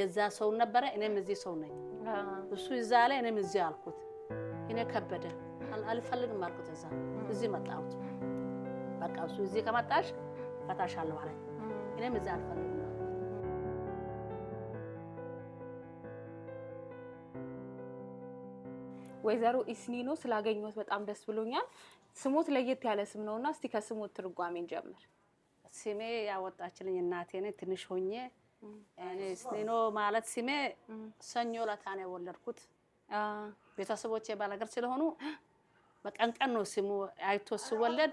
የዛ ሰው ነበረ፣ እኔም እዚህ ሰው ነኝ። እሱ እዛ ላይ እኔም እዚህ አልኩት። እኔ ከበደ አልፈልግም አልኩት። እዛ እዚህ መጣሁት። በቃ እሱ እዚህ ከመጣሽ ፈታሻለሁ አለኝ። እኔም እዚህ አልፈልግም። ወይዘሮ ኢስኒኖ ስላገኘሁት በጣም ደስ ብሎኛል። ስሞት ለየት ያለ ስም ነው እና እስቲ ከስሞት ትርጓሜን ጀምር። ስሜ ያወጣችልኝ እናቴ ነ ትንሽ ሆኜ ስቲኖ ማለት ስሜ ሰኞ ዕለት ነው የወለድኩት። ቤተሰቦቼ ባላገር ስለሆኑ በቀን ነው ስሙ አይቶ ሲወለድ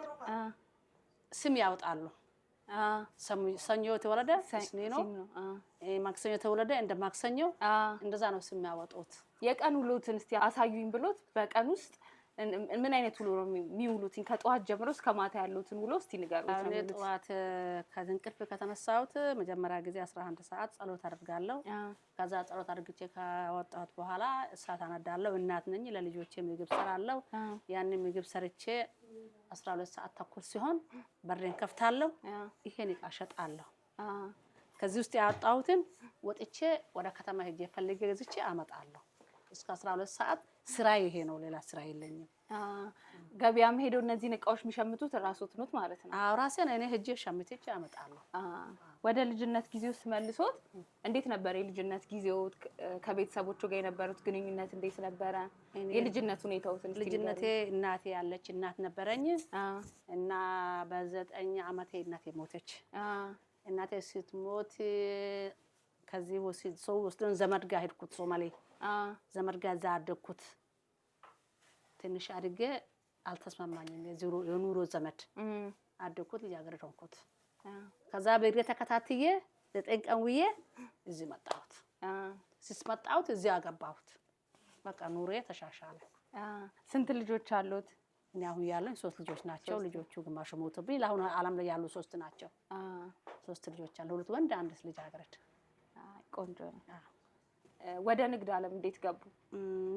ስም ያወጣሉ። ሰኞ የተወለደ ስቲኖ፣ ማክሰኞ የተወለደ እንደ ማክሰኞ፣ እንደዛ ነው ስም ያወጡት። የቀን ውሎትን እስቲ አሳዩኝ ብሎት በቀን ውስጥ ምን አይነት ውሎ ነው የሚውሉትኝ? ከጠዋት ጀምሮ እስከ ማታ ያለውትን ውሎ እስቲ ንገሩኝ። ጠዋት ከእንቅልፍ ከተነሳሁት መጀመሪያ ጊዜ አስራ አንድ ሰዓት ጸሎት አድርጋለሁ። ከዛ ጸሎት አድርግቼ ከወጣሁት በኋላ እሳት አነዳለሁ። እናት ነኝ። ለልጆቼ ምግብ ሰራለሁ። ያንን ምግብ ሰርቼ አስራ ሁለት ሰዓት ተኩል ሲሆን በሬን ከፍታለሁ። ይሄን እቃ እሸጣለሁ። ከዚህ ውስጥ ያወጣሁትን ወጥቼ ወደ ከተማ ሄጄ ፈልጌ ገዝቼ አመጣለሁ። እስከ አስራ ሁለት ሰዓት ስራ ይሄ ነው፣ ሌላ ስራ የለኝም። ገበያም ሄደው እነዚህን እቃዎች የሚሸምቱት ራስዎት ኖት ማለት ነው? አዎ ራሴን እኔ ሂጄ ሸምቼ አመጣለሁ። ወደ ልጅነት ጊዜ ውስጥ መልሶት እንዴት ነበር የልጅነት ጊዜው? ከቤተሰቦቹ ጋር የነበሩት ግንኙነት እንዴት ነበረ? የልጅነት ሁኔታውት ልጅነቴ እናቴ ያለች እናት ነበረኝ እና በዘጠኝ አመቴ እናቴ ሞተች። እናቴ ስትሞት ከዚህ ሰው ወስደን ዘመድ ጋር ሄድኩት ሶማሌ ዘመድ ጋር እዛ አደግኩት። ትንሽ አድጌ አልተስማማኝም። የኑሮ ዘመድ አደግኩት፣ ልጃገረድ ሆንኩት። ከዛ በእግሬ ተከታትዬ ዘጠኝ ቀን ውዬ እዚህ መጣሁት። ስመጣሁት እዚህ አገባሁት። በቃ ኑሮ ተሻሻለ። ስንት ልጆች አሉት? እኔ አሁን ያለኝ ሶስት ልጆች ናቸው። ልጆቹ ግማሹ ሞቶብኝ ለአሁን አለም ላይ ያሉ ሶስት ናቸው። ሶስት ልጆች አለ፣ ሁለት ወንድ፣ አንድ ልጃገረድ። ቆንጆ ነው። ወደ ንግድ አለም እንዴት ገቡ?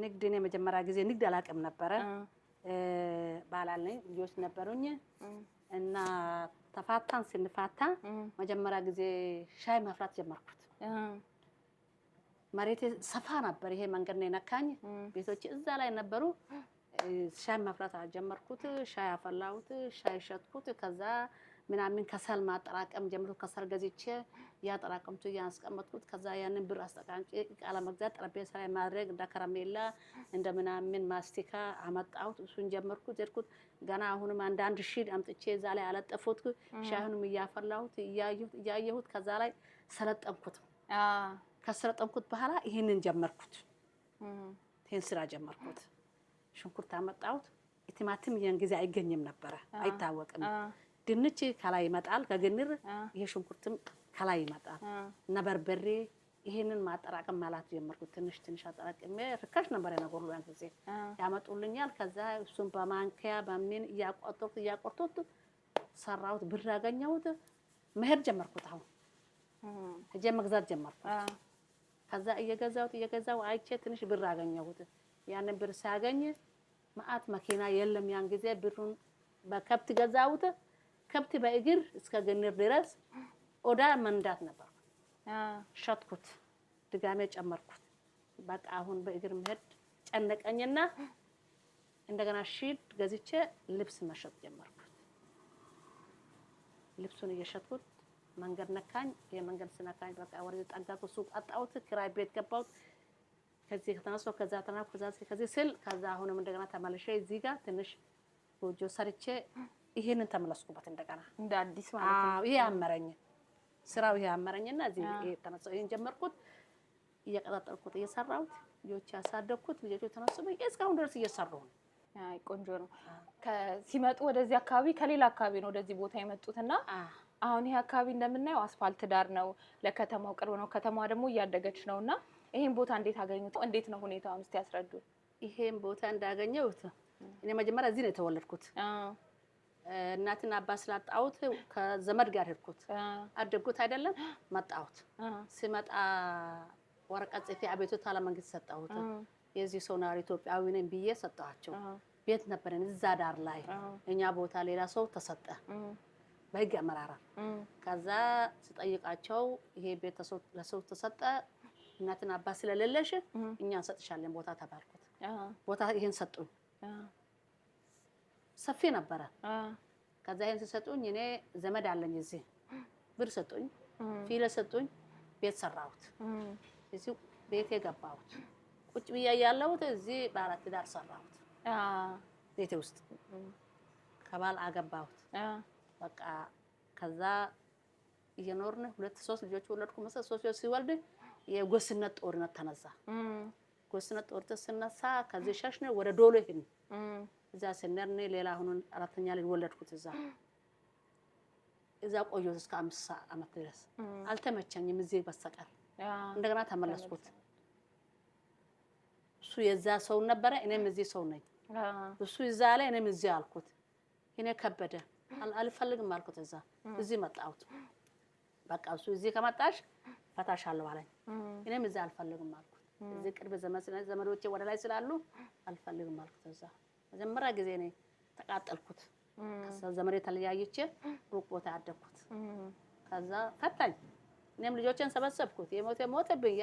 ንግድ እኔ መጀመሪያ ጊዜ ንግድ አላውቅም ነበረ። ባላል ልጆች ነበሩኝ እና ተፋታን። ስንፋታ መጀመሪያ ጊዜ ሻይ ማፍራት ጀመርኩት። መሬቴ ሰፋ ነበር። ይሄ መንገድ ነው የነካኝ። ቤቶች እዛ ላይ ነበሩ። ሻይ ማፍራት ጀመርኩት። ሻይ አፈላሁት፣ ሻይ ሸጥኩት። ከዛ ምናምን ከሰል ማጠራቀም ጀምሮ ከሰል ገዝቼ እያጠራቀምኩ እያስቀመጥኩት ከዛ ያንን ብር አስጠቃቂ እቃ ለመግዛት ጠረጴዛ ላይ ማድረግ እንደ ከረሜላ እንደ ምናምን ማስቲካ አመጣሁት። እሱን ጀመርኩት ዘድኩት። ገና አሁንም አንዳንድ ሺህ አምጥቼ እዛ ላይ አለጠፉት። ሻይሁንም እያፈላሁት እያየሁት ከዛ ላይ ሰለጠንኩት። ከሰለጠንኩት በኋላ ይህንን ጀመርኩት። ይህን ስራ ጀመርኩት። ሽንኩርት አመጣሁት። ቲማቲም ያን ጊዜ አይገኝም ነበረ፣ አይታወቅም ድንች ከላይ ይመጣል፣ ከግንር ይሄ ሽንኩርትም ከላይ ይመጣል እና በርበሬ ይሄንን ማጠራቀም ማለት ጀመርኩት። ትንሽ ትንሽ አጠራቅሜ ርካሽ ነበር የነገሩ ያን ጊዜ ያመጡልኛል። ከዛ እሱን በማንኪያ በምን እያቆጠርኩት እያቆርቶት ሰራሁት፣ ብር ያገኘሁት መሄድ ጀመርኩት። አሁን ሄጄ መግዛት ጀመርኩት። ከዛ እየገዛሁት እየገዛው አይቼ ትንሽ ብር አገኘሁት። ያንን ብር ሲያገኝ ማአት መኪና የለም ያን ጊዜ ብሩን በከብት ገዛሁት። ከብት በእግር እስከ ገንር ድረስ ኦዳ መንዳት ነበር። ሸጥኩት፣ ድጋሜ ጨመርኩት። በቃ አሁን በእግር መሄድ ጨነቀኝና እንደገና ሺድ ገዝቼ ልብስ መሸጥ ጀመርኩት። ልብሱን እየሸጥኩት መንገድ ነካኝ። የመንገድ ስነካኝ በቃ ወደ ጠጋት ሱቅ አጣሁት። ክራይ ቤት ገባሁት። ከዚህ ከተነሶ ከዛ ተናኩ ከዚህ ስል ከዛ አሁንም እንደገና ተመልሼ እዚህ ጋር ትንሽ ጎጆ ሰርቼ ይሄንን ተመለስኩበት እንደገና እንደ አዲስ ማለት ነው። ይሄ አመረኝ ስራው ይሄ አመረኝና እዚህ ይሄ ተነሳ ይሄን ጀመርኩት እየቀጣጠልኩት እየሰራሁት ልጆች ያሳደግኩት ልጆች ተነሱብኝ እስካሁን ድረስ እየሰራሁ ነው። አይ ቆንጆ ነው። ሲመጡ ወደዚህ አካባቢ ከሌላ አካባቢ ነው ወደዚህ ቦታ የመጡትና አሁን ይሄ አካባቢ እንደምናየው አስፋልት ዳር ነው፣ ለከተማው ቅርብ ነው። ከተማዋ ደግሞ እያደገች ነው እና ይሄን ቦታ እንዴት አገኙት? እንዴት ነው ሁኔታውን እስቲ ያስረዱ። ይሄን ቦታ እንዳገኘሁት እኔ መጀመሪያ እዚህ ነው የተወለድኩት እናትን አባት ስላጣሁት ከዘመድ ጋር ሄድኩት። አደግኩት አይደለም መጣሁት። ሲመጣ ወረቀት ጽፌ አቤቱታ ለመንግስት ሰጠሁት። የዚህ ሰው ነዋሪ ኢትዮጵያዊ ነኝ ብዬ ሰጠኋቸው። ቤት ነበረን እዛ ዳር ላይ እኛ ቦታ ሌላ ሰው ተሰጠ በህግ አመራራ ከዛ ስጠይቃቸው ይሄ ቤት ለሰው ተሰጠ እናትን አባት ስለሌለሽ እኛ እንሰጥሻለን ቦታ ተባልኩት። ቦታ ይሄን ሰጡኝ። ሰፊ ነበረ። ከዛ ይሄን ሲሰጡኝ እኔ ዘመድ አለኝ እዚህ ብር ሰጡኝ፣ ፊለ ሰጡኝ፣ ቤት ሰራሁት። እዚህ ቤት የገባሁት ቁጭ ብዬ ያለሁት እዚህ በአራት ዳር ሰራሁት ቤቴ ውስጥ ከባል አገባሁት። በቃ ከዛ እየኖርን ሁለት ሶስት ልጆች ወለድኩ። መሰለህ ሶስት ልጆች ሲወልድ የጎስነት ጦርነት ተነሳ። ጎስነት ጦርነት ስነሳ ከዚህ ሸሽነ ወደ ዶሎ ይሄን እዛ ስንሄድ እኔ ሌላ አሁኑን አራተኛ ልጅ ወለድኩት። እዛ እዛ ቆየሁት እስከ አምስት አመት ድረስ አልተመቸኝም እዚህ በስተቀር። እንደገና ተመለስኩት። እሱ የዛ ሰው ነበረ፣ እኔም እዚህ ሰው ነኝ። እሱ እዛ ላይ እኔም እዚህ አልኩት። እኔ ከበደ አልፈልግም አልኩት። እዛ እዚህ መጣሁት። በቃ እሱ እዚህ ከመጣሽ ፈታሻለሁ አለኝ። እኔም እዚህ አልፈልግም አልኩት። እዚህ ቅርብ ዘመዶቼ ወደ ላይ ስላሉ አልፈልግም አልኩት እዛ መጀመሪያ ጊዜ ነው ተቃጠልኩት። ከዛ ዘመዴ ተለያይቼ ሩቅ ቦታ ያደግኩት። ከዛ ፈታኝ። እኔም ልጆችን ሰበሰብኩት። የሞት የሞተብኝ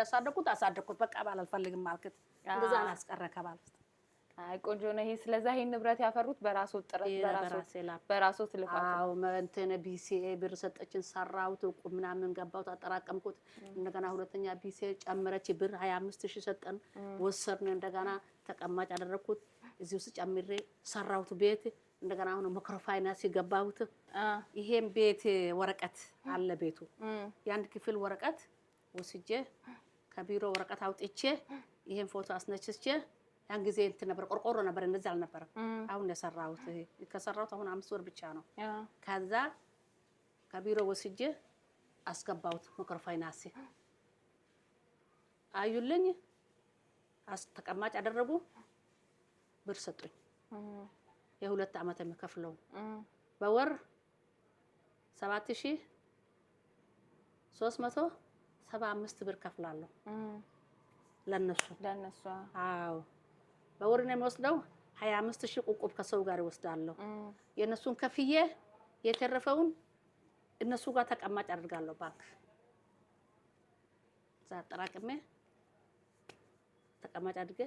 ያሳደግኩት አሳደግኩት። በቃ ባል አልፈልግም አልኩት። እንደዛ ነው ከባል ውስጥ አይ ቆንጆ ነው ይሄ። ስለዛ ይሄን ንብረት ያፈሩት በራስዎ ጥረት በራስዎ ልፋት። አዎ እንትን ቢሲኤ ብር ሰጠችን፣ ሰራሁት፣ እቁብ ምናምን ገባሁት፣ አጠራቀምኩት። እንደገና ሁለተኛ ቢሲኤ ጨመረች ብር 25000 ሰጠን፣ ወሰድን። እንደገና ተቀማጭ አደረግኩት፣ እዚህ ውስጥ ጨምሬ ሰራሁት ቤት። እንደገና አሁን ማይክሮ ፋይናንስ ገባሁት። ይሄን ቤት ወረቀት አለ ቤቱ የአንድ ክፍል ወረቀት ወስጄ ከቢሮ ወረቀት አውጥቼ ይሄን ፎቶ አስነችስቼ ያን ጊዜ እንትን ነበር፣ ቆርቆሮ ነበር፣ እንደዚ አልነበረም። አሁን የሰራሁት ከሰራሁት አሁን አምስት ወር ብቻ ነው። ከዛ ከቢሮ ወስጄ አስገባሁት ሞከር ፋይናንስ አዩልኝ፣ ተቀማጭ አደረጉ፣ ብር ሰጡኝ። የሁለት ዓመት የሚከፍለው በወር ሰባት ሺህ ሶስት መቶ ሰባ አምስት ብር ከፍላለሁ ለነሱ ለነሱ። አዎ በወር ነው የሚወስደው። ሀያ አምስት ሺህ ቁቁብ ከሰው ጋር ይወስዳለሁ። የእነሱን ከፍዬ የተረፈውን እነሱ ጋር ተቀማጭ አድርጋለሁ ባንክ እዛ አጠራቅሜ ተቀማጭ አድርጌ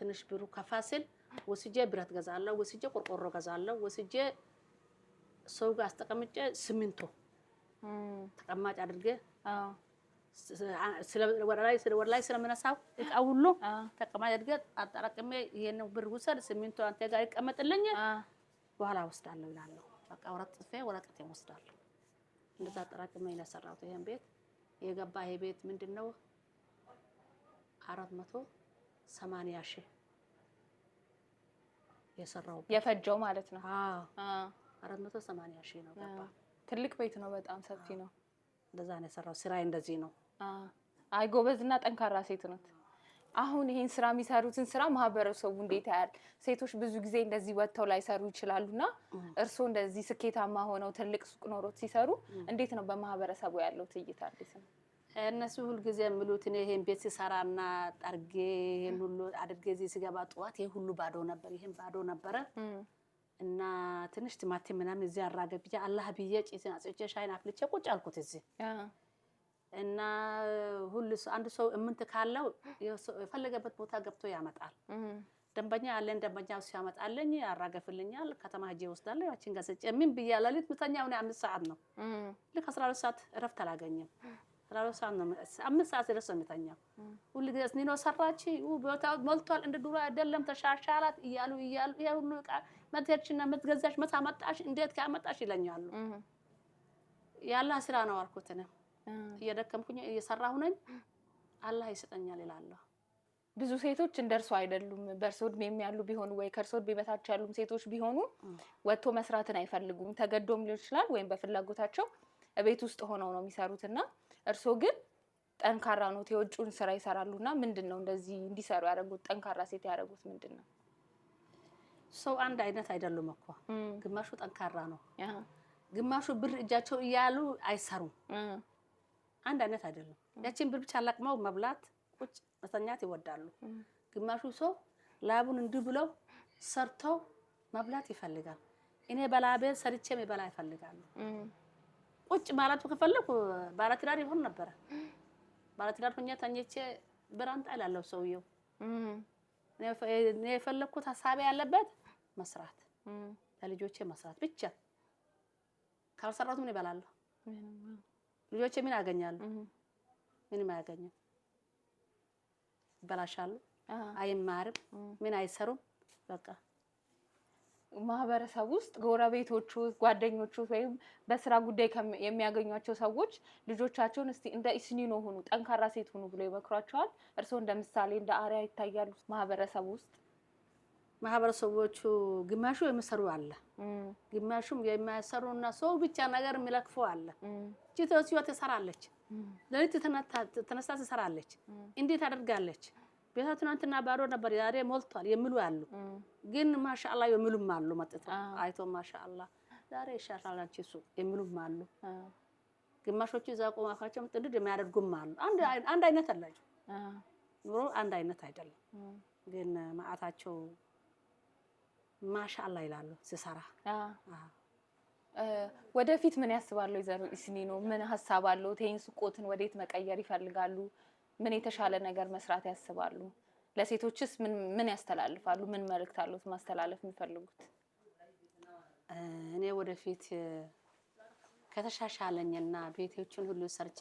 ትንሽ ብሩ ከፋ ሲል ወስጄ ብረት ገዛለሁ፣ ወስጄ ቆርቆሮ ገዛለሁ፣ ወስጄ ሰው ጋር አስተቀምጨ ሲሚንቶ ተቀማጭ አድርጌ ወደ ላይ ስለምነሳው እቃ ሁሉ ተቀማጭ እድገት አጠራቅሜ ይሄን ብር ውሰድ፣ ሲሚንቶ አንተ ጋር ይቀመጥልኝ፣ በኋላ ወስዳለሁ ይላለሁ። በቃ ወረቀት ጽፌ ወረቀቴን ወስዳለሁ። እንደዛ አጠራቅሜ ነው ይሄን ቤት የገባ ይሄ ቤት ምንድን ነው አራት መቶ ሰማንያ ሺህ የሰራው የፈጀው ማለት ነው። አራት መቶ ሰማንያ ሺህ ነው ገባ። ትልቅ ቤት ነው፣ በጣም ሰፊ ነው። እንደዛ ነው ስራዬ እንደዚህ ነው። አይ እና ጠንካራ ሴት ናት። አሁን ይሄን ስራ የሚሰሩትን ስራ ማህበረሰቡ እንዴት ያያል? ሴቶች ብዙ ጊዜ እንደዚህ ወጥተው ላይሰሩ ይችላሉና እርስዎ እንደዚህ ስኬታማ ሆነው ትልቅ ሱቅ ኖሮት ሲሰሩ እንዴት ነው በማህበረሰቡ ያለው ትዕይታ? እንዴት ነው እነሱ ሁልጊዜ የምሉት እኔ ይሄን ቤት ስሰራና ጠርጌ ይሄን ሁሉ አድርጌ እዚህ ስገባ ጠዋት ይሄ ሁሉ ባዶ ነበር፣ ይሄን ባዶ ነበረ እና ትንሽ ቲማቲም ምናምን እዚህ አራገብ አላህ ብዬ ጭሴን አጽቼ ሻይን አፍልቼ ቁጭ አልኩት እዚህ እና ሁሉ አንድ ሰው እምንት ካለው የፈለገበት ቦታ ገብቶ ያመጣል። ደንበኛ ያለን ደንበኛ ያመጣለኝ ያራገፍልኛል። ከተማ ሄጄ እወስዳለሁ። ያችን ገዝቼ ምን ብዬ ለሊት ምተኛው እኔ አምስት ሰዓት ነው። ልክ አስራ ሁለት ሰዓት እረፍት አላገኘም። አስራ ሁለት ሰዓት ነው አምስት ሰዓት ሲደርስ ነው የሚተኛው። ሁሉ ጊዜ ኒኖ ሰራች ቦታ ሞልቷል፣ እንደ ዱሮ አይደለም ተሻሻላት እያሉ እያሉ ይሄ ሁሉ ዕቃ መትሄድሽና መትገዛሽ መታመጣሽ እንዴት ካመጣሽ ይለኛሉ። ያለ ስራ ነው አልኩትንም እየደከምኩኝ እየሰራሁ ነኝ፣ አላህ ይሰጠኛል ይላለሁ። ብዙ ሴቶች እንደ እርሱ አይደሉም። በእርሶ እድሜም ያሉ ቢሆኑ ወይ ከእርሶ እድሜ በታች ያሉም ሴቶች ቢሆኑ ወጥቶ መስራትን አይፈልጉም። ተገዶም ሊሆን ይችላል ወይም በፍላጎታቸው ቤት ውስጥ ሆነው ነው የሚሰሩት እና እርሶ ግን ጠንካራ ኖት፣ የውጭውን ስራ ይሰራሉ እና ምንድን ነው እንደዚህ እንዲሰሩ ያደረጉት? ጠንካራ ሴት ያደረጉት ምንድን ነው? ሰው አንድ አይነት አይደሉም እኮ ግማሹ ጠንካራ ነው፣ ግማሹ ብር እጃቸው እያሉ አይሰሩም። አንድ አይነት አይደለም። ያቺን ብር ብቻ አላቅመው መብላት ቁጭ መተኛት ይወዳሉ። ግማሹ ሰው ላቡን እንዲህ ብለው ሰርተው መብላት ይፈልጋል። እኔ በላቤ ሰርቼ የሚበላ ይፈልጋሉ። ቁጭ ማለቱ ከፈለኩ ባለትዳር ይሆን ነበረ። ባለትዳር ሆኜ ተኝቼ ብር አምጣ እላለሁ ሰውየው። እኔ የፈለኩት ሀሳቤ ያለበት መስራት ለልጆቼ መስራት ብቻ ካልሰራት ምን ይበላለሁ? ልጆቼ ምን ያገኛሉ? ምንም አያገኙም። ይበላሻሉ፣ አይማርም፣ ምን አይሰሩም። በቃ ማህበረሰብ ውስጥ ጎረቤቶቹ፣ ጓደኞቹ ወይም በስራ ጉዳይ የሚያገኟቸው ሰዎች ልጆቻቸውን እስቲ እንደ ኢስኒኖ ሆኑ ጠንካራ ሴት ሁኑ ብሎ ይመክሯቸዋል። እርስዎ እንደ ምሳሌ እንደ አሪያ ይታያሉ ማህበረሰብ ውስጥ ማህበረሰቦቹ ግማሹ የሚሰሩ አለ፣ ግማሹም የማይሰሩ እና ሰው ብቻ ነገር የሚለክፉ አለ። ቺቶስ ህይወት ትሰራለች፣ ለሊት ተነሳ ትሰራለች። እንዴት አደርጋለች? ቤቷ ትናንትና ባዶ ነበር፣ ዛሬ ሞልቷል የሚሉ አሉ። ግን ማሻአላ የሚሉም አሉ። መጥቶ አይቶ ማሻአላ ዛሬ ይሻላል አንቺ የሚሉም አሉ። ግማሾቹ እዛ ቆሞ አፋቸውም ጥንድድ የሚያደርጉም አሉ። አንድ አይነት አላቸው። ኑሮ አንድ አይነት አይደለም። ግን መዓታቸው ማሻአላ ይላሉ ስሰራ። ወደፊት ምን ያስባሉ? ይዘሩ እስኒ ነው ምን ሀሳብ አለው? ይሄን ስቆትን ወዴት መቀየር ይፈልጋሉ? ምን የተሻለ ነገር መስራት ያስባሉ? ለሴቶችስ ምን ምን ያስተላልፋሉ? ምን መልእክት አሉት ማስተላለፍ የሚፈልጉት? እኔ ወደፊት ከተሻሻለኝና ቤቶችን ሁሉ ሰርቼ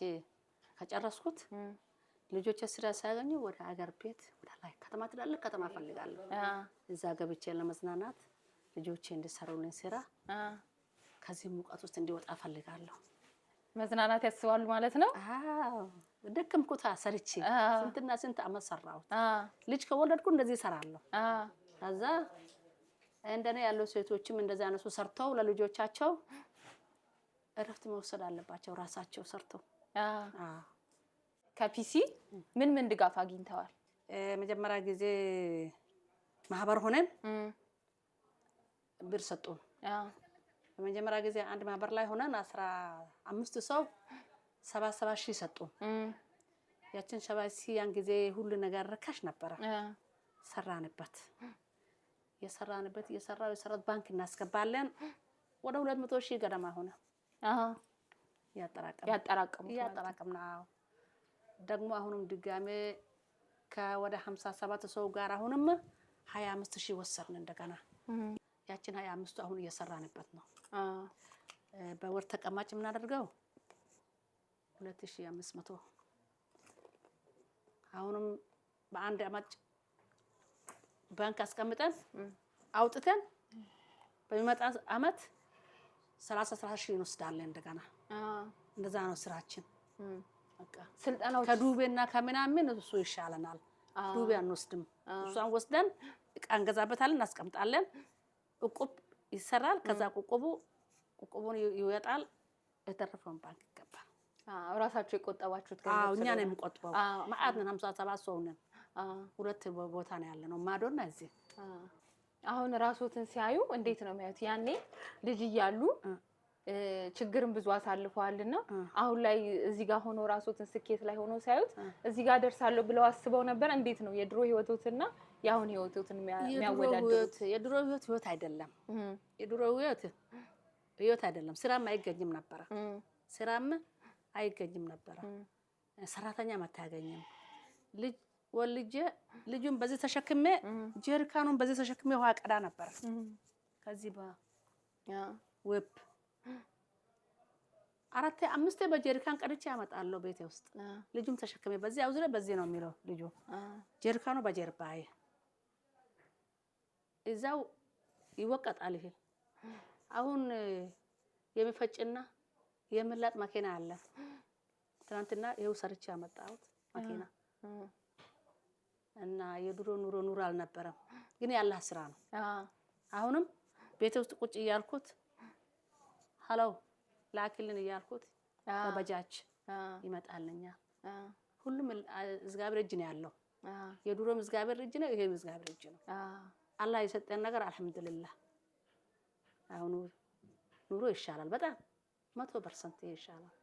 ከጨረስኩት ልጆች ስራ ሳያገኙ ወደ ሀገር ቤት ወደ ላይ ከተማ ትላለህ ከተማ ፈልጋለሁ። እዛ ገብቼ ለመዝናናት ልጆቼ እንዲሰሩልኝ ስራ ከዚህ ሙቀት ውስጥ እንዲወጣ ፈልጋለሁ። መዝናናት ያስባሉ ማለት ነው። ኩታ ሰርቼ ስንትና ስንት አመት ሰራሁት። ልጅ ከወለድኩ እንደዚህ እሰራለሁ። ከዛ እንደኔ ያሉ ሴቶችም እንደዚህ አይነቱ ሰርተው ለልጆቻቸው እረፍት መውሰድ አለባቸው። ራሳቸው ሰርተው ከፒሲ ምን ምን ድጋፍ አግኝተዋል? መጀመሪያ ጊዜ ማህበር ሆነን ብር ሰጡን። በመጀመሪያ ጊዜ አንድ ማህበር ላይ ሆነን አስራ አምስት ሰው ሰባ ሰባ ሺህ ሰጡን። ያችን ሰባ ሺህ ያን ጊዜ ሁሉ ነገር ርካሽ ነበረ። ሰራንበት የሰራንበት የሰራ የሰራት ባንክ እናስገባለን ወደ ሁለት መቶ ሺህ ገደማ ሆነ ያጠራቀም ያጠራቀም ደግሞ አሁንም ድጋሜ ከወደ ሰባት ሰው ጋር አሁንም 25 ሺህ ወሰድን እንደገና። ያችን ሀያ አምስቱ አሁን እየሰራንበት ነው። በወር ተቀማጭ የምናደርገው መቶ አሁንም በአንድ አማጭ ባንክ አስቀምጠን አውጥተን በሚመጣ አመት ሰላሳ ሰላሳ ሺህ እንወስዳለን እንደገና። እንደዛ ነው ስራችን። ስልጠናው ከዱቤና ከምናምን እሱ ይሻለናል። ዱቤ አንወስድም። እሷን ወስደን እቃ እንገዛበታለን፣ እናስቀምጣለን። እቁብ ይሰራል። ከዛ ቁቁቡ ቁቁቡን ይወጣል። የተረፈውን ባንክ ይገባል። እራሳቸው የቆጠባችሁት ገንዘብ እኛ ነው የምንቆጥበው። መአት ነን፣ ሀምሳ ሰባት ሰው ነን። ሁለት ቦታ ነው ያለ ነው ማዶና እዚህ። አሁን ራሶትን ሲያዩ እንዴት ነው የሚያዩት? ያኔ ልጅ እያሉ ችግርን ብዙ አሳልፈዋል አሳልፈዋልና አሁን ላይ እዚህ ጋር ሆኖ ራሶትን ስኬት ላይ ሆኖ ሳዩት እዚህ ጋር ደርሳለሁ ብለው አስበው ነበር? እንዴት ነው የድሮ ህይወቶትና የአሁን ህይወቶትን የሚያወዳድሩት? የድሮ ህይወት ህይወት አይደለም። የድሮ ህይወት ህይወት አይደለም። ስራም አይገኝም ነበረ። ስራም አይገኝም ነበረ። ሰራተኛም አታገኝም። ልጅ ወልጄ ልጁን በዚህ ተሸክሜ ጀሪካኑን በዚህ ተሸክሜ ውሃ ቀዳ ነበር ከዚህ በ አራት አምስት በጀሪካን ቀድቼ ያመጣለሁ ቤቴ ውስጥ ልጁም ተሸክሜ በዚህ አውዝረ በዚህ ነው የሚለው ልጁ ጀሪካኑ በጀርባዬ እዛው ይወቀጣል። ይሄ አሁን የሚፈጭና የምላጥ መኪና አለ። ትናንትና ይኸው ሰርቼ ያመጣሁት መኪና እና የድሮ ኑሮ ኑሮ አልነበረም፣ ግን ያላህ ስራ ነው። አሁንም ቤቴ ውስጥ ቁጭ እያልኩት ሀላው ላክልን እያልኩት በባጃጅ ይመጣልኛል። ሁሉም እግዚአብሔር እጅ ነው ያለው። የድሮም እግዚአብሔር እጅ ነው፣ ይሄም እግዚአብሔር እጅ ነው። አላህ የሰጠን ነገር አልሐምዱሊላህ። አሁኑ ኑሮ ይሻላል በጣም መቶ ፐርሰንት ይሻላል።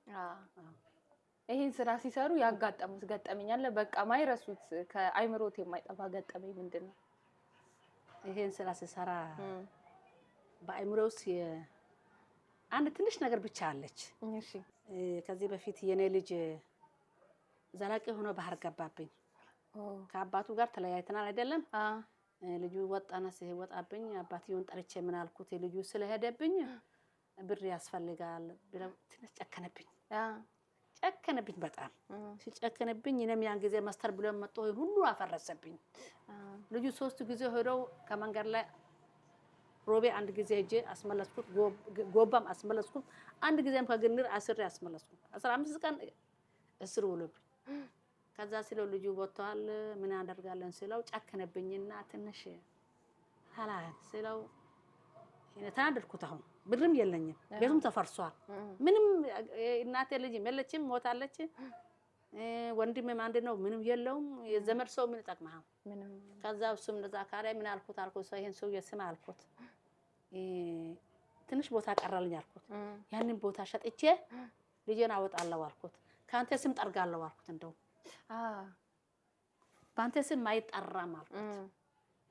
ይህን ስራ ሲሰሩ ያጋጠሙት ገጠመኝ አለ? በቃ ማይረሱት ከአይምሮት የማይጠፋ ገጠመኝ ምንድን ነው? ይህን ስራ ሲሰራ በአይምሮ ውስጥ አንድ ትንሽ ነገር ብቻ አለች። ከዚህ በፊት የኔ ልጅ ዘላቂ ሆኖ ባህር ገባብኝ። ከአባቱ ጋር ተለያይተናል አይደለም? ልጁ ወጣና ሲወጣብኝ አባትየውን ጠርቼ ምን አልኩት? ልጁ ስለሄደብኝ ብር ያስፈልጋል ብለው ትንሽ ጨከነብኝ፣ ጨከነብኝ በጣም ሲጨከነብኝ፣ እኔም ያን ጊዜ መስተር ብሎ መጥቶ ሁሉ አፈረሰብኝ። ልጁ ሶስት ጊዜ ሄደው ከመንገድ ላይ ሮቤ አንድ ጊዜ እጄ አስመለስኩት፣ ጎባም አስመለስኩት። አንድ ጊዜም ከግንር አስሬ አስመለስኩት። አስራ አምስት ቀን እስር ውሎብኝ ከዛ ስለው ልጁ ቦተዋል ምን ያደርጋለን ስለው ጨከነብኝና ትንሽ ላ ስለው ተናደድኩት። አሁን ብርም የለኝም፣ ቤቱም ተፈርሷል። ምንም እናቴ ልጅ የለችም፣ ሞታለች። ወንድምም አንድ ነው፣ ምንም የለውም። የዘመድ ሰው ምን ይጠቅመሃል? ከዛ እሱም እንደዛ ካሪያ ምን አልኩት አልኩት ሰው ይህን ሰውዬ ስም አልኩት ትንሽ ቦታ ቀራልኝ አልኩት። ያንን ቦታ ሸጥቼ ልጄን አወጣለሁ አልኩት። ከአንተ ስም ጠርጋለሁ አልኩት። እንደውም በአንተ ስም አይጠራም አልኩት።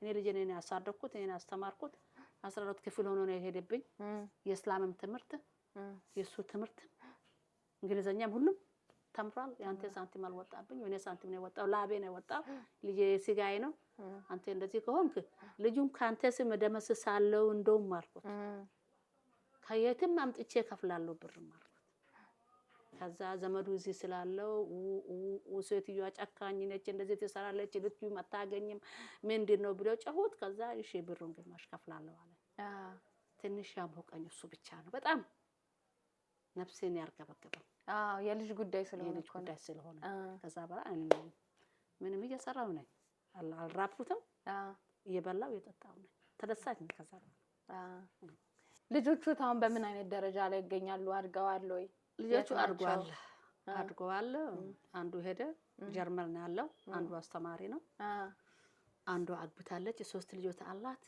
እኔ ልጄን እኔ ያሳደግኩት እኔ ያስተማርኩት አስራ ሁለት ክፍል ሆኖ ነው የሄደብኝ። የእስላምም ትምህርት የእሱ ትምህርት እንግሊዘኛም ሁሉም ተምሯል። የአንተ ሳንቲም አልወጣብኝ፣ የኔ ሳንቲም ነው የወጣው፣ ላቤ ነው የወጣው፣ ልጄ ስጋዬ ነው። አንተ እንደዚህ ከሆንክ ልጁም ከአንተ ስም እደመስሳለሁ። እንደውም አልኩት ከየትም አምጥቼ ከፍላለሁ ብርም አልኩት። ከዛ ዘመዱ እዚህ ስላለው ሴትዮዋ ጨካኝ ነች፣ እንደዚህ ትሰራለች፣ ልጁም አታገኝም፣ ምንድን ነው ብለው ጨሁት። ከዛ እሺ ብሩን ግማሽ ከፍላለሁ አለ። ትንሽ ያሞቀኝ እሱ ብቻ ነው በጣም ነፍሴን ያርገበገበኝ። የልጅ ጉዳይ ስለሆነ ጉዳይ ስለሆነ ከዛ በኋላ ምንም እየሰራው ነኝ አልራብኩትም፣ እየበላው እየጠጣው ነኝ። ተደሳች ነኝ። ከዛ ልጆቹ አሁን በምን አይነት ደረጃ ላይ ይገኛሉ? አድገዋል ወይ? ልጆቹ አድጓል አድገዋል። አንዱ ሄደ ጀርመን ነው ያለው፣ አንዱ አስተማሪ ነው፣ አንዱ አግብታለች። ሶስት ልጆት አላት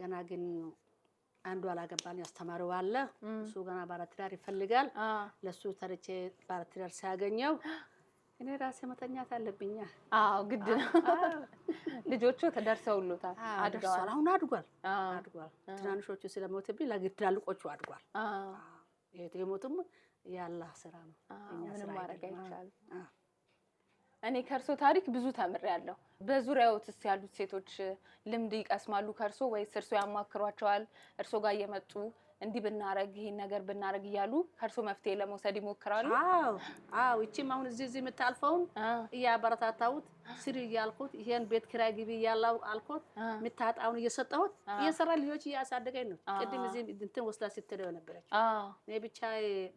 ገና ግን አንዱ አላገባን ያስተማረው አለ እሱ ገና ባለትዳር ይፈልጋል። ለሱ ተርቼ ባለትዳር ሲያገኘው እኔ ራሴ መተኛት አለብኛ። አዎ ግድ ነው። ልጆቹ ተደርሰውሉታል አድርሷል። አሁን አድጓል አድጓል። ትናንሾቹ ስለሞትብኝ ለግድ ትላልቆቹ አድጓል። ይሄ የሞቱም ያላ ስራ ነው። ምንም ማድረግ አይቻልም። እኔ ከእርሶ ታሪክ ብዙ ተምሬያለሁ። በዙሪያዎትስ ያሉት ሴቶች ልምድ ይቀስማሉ ከእርሶ ወይስ እርሶ ያማክሯቸዋል? እርሶ ጋር እየመጡ እንዲህ ብናረግ ይሄን ነገር ብናረግ እያሉ ከእርሶ መፍትሄ ለመውሰድ ይሞክራሉ? አዎ አዎ። እቺም አሁን እዚህ እዚህ የምታልፈውን እያበረታታሁት ስሪ እያልኩት ይሄን ቤት ኪራይ ግቢ እያላው አልኩት የምታጣውን እየሰጠሁት እየሰራ ልጆች እያሳደገኝ ነው። ቅድም እዚህ እንትን ወስዳ ስትለው ነበረች። እኔ ብቻ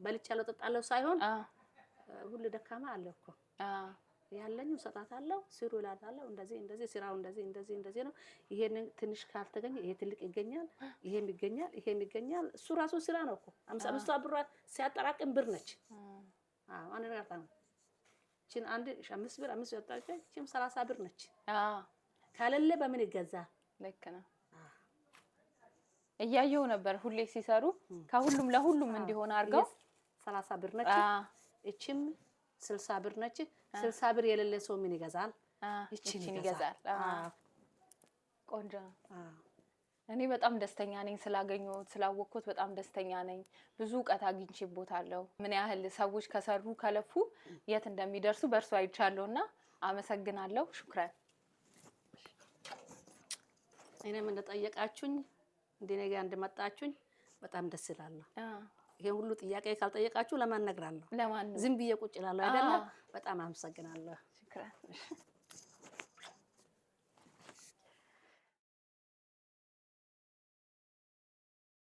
በልቻለሁ ጠጣለሁ ሳይሆን ሁሉ ደካማ አለ እኮ ያለኝ እሰጣታለሁ ስሩ እላታለሁ። እንደዚህ እንደዚህ ስራው እንደዚህ እንደዚህ እንደዚህ ነው። ይሄንን ትንሽ ካልተገኘ ይሄ ትልቅ ይገኛል፣ ይሄም ይገኛል፣ ይሄም ይገኛል። እሱ ራሱ ስራ ነው እኮ አምሳ አምስቷ ብሯ ሲያጠራቅም ብር ነች። አዎ አንድ ነገር ታነ ቺን አንድ አምስት ብር አምስት ያጣጨ ቺም ሰላሳ ብር ነች። አዎ ካለለ በምን ይገዛል? ልክ ነው። እያየው ነበር ሁሌ ሲሰሩ ከሁሉም ለሁሉም እንዲሆን አድርገው ሰላሳ ብር ነች እቺም ስልሳ ብር ነች። ስልሳ ብር የሌለ ሰው ምን ይገዛል? ይችን ይገዛል። ቆንጆ እኔ በጣም ደስተኛ ነኝ ስላገኘሁት ስላወቅኩት በጣም ደስተኛ ነኝ። ብዙ እውቀት አግኝቼበታለሁ። ምን ያህል ሰዎች ከሰሩ ከለፉ የት እንደሚደርሱ በእርሱ አይቻለሁ እና አመሰግናለሁ። ሹክረን። እኔም እንደጠየቃችሁኝ እንዲኔጋ እንደመጣችሁኝ በጣም ደስ ይላለሁ። ይሄን ሁሉ ጥያቄ ካልጠየቃችሁ ለማን ነግራለሁ? ዝም ብዬ ቁጭ እላለሁ አይደለ? በጣም አመሰግናለሁ።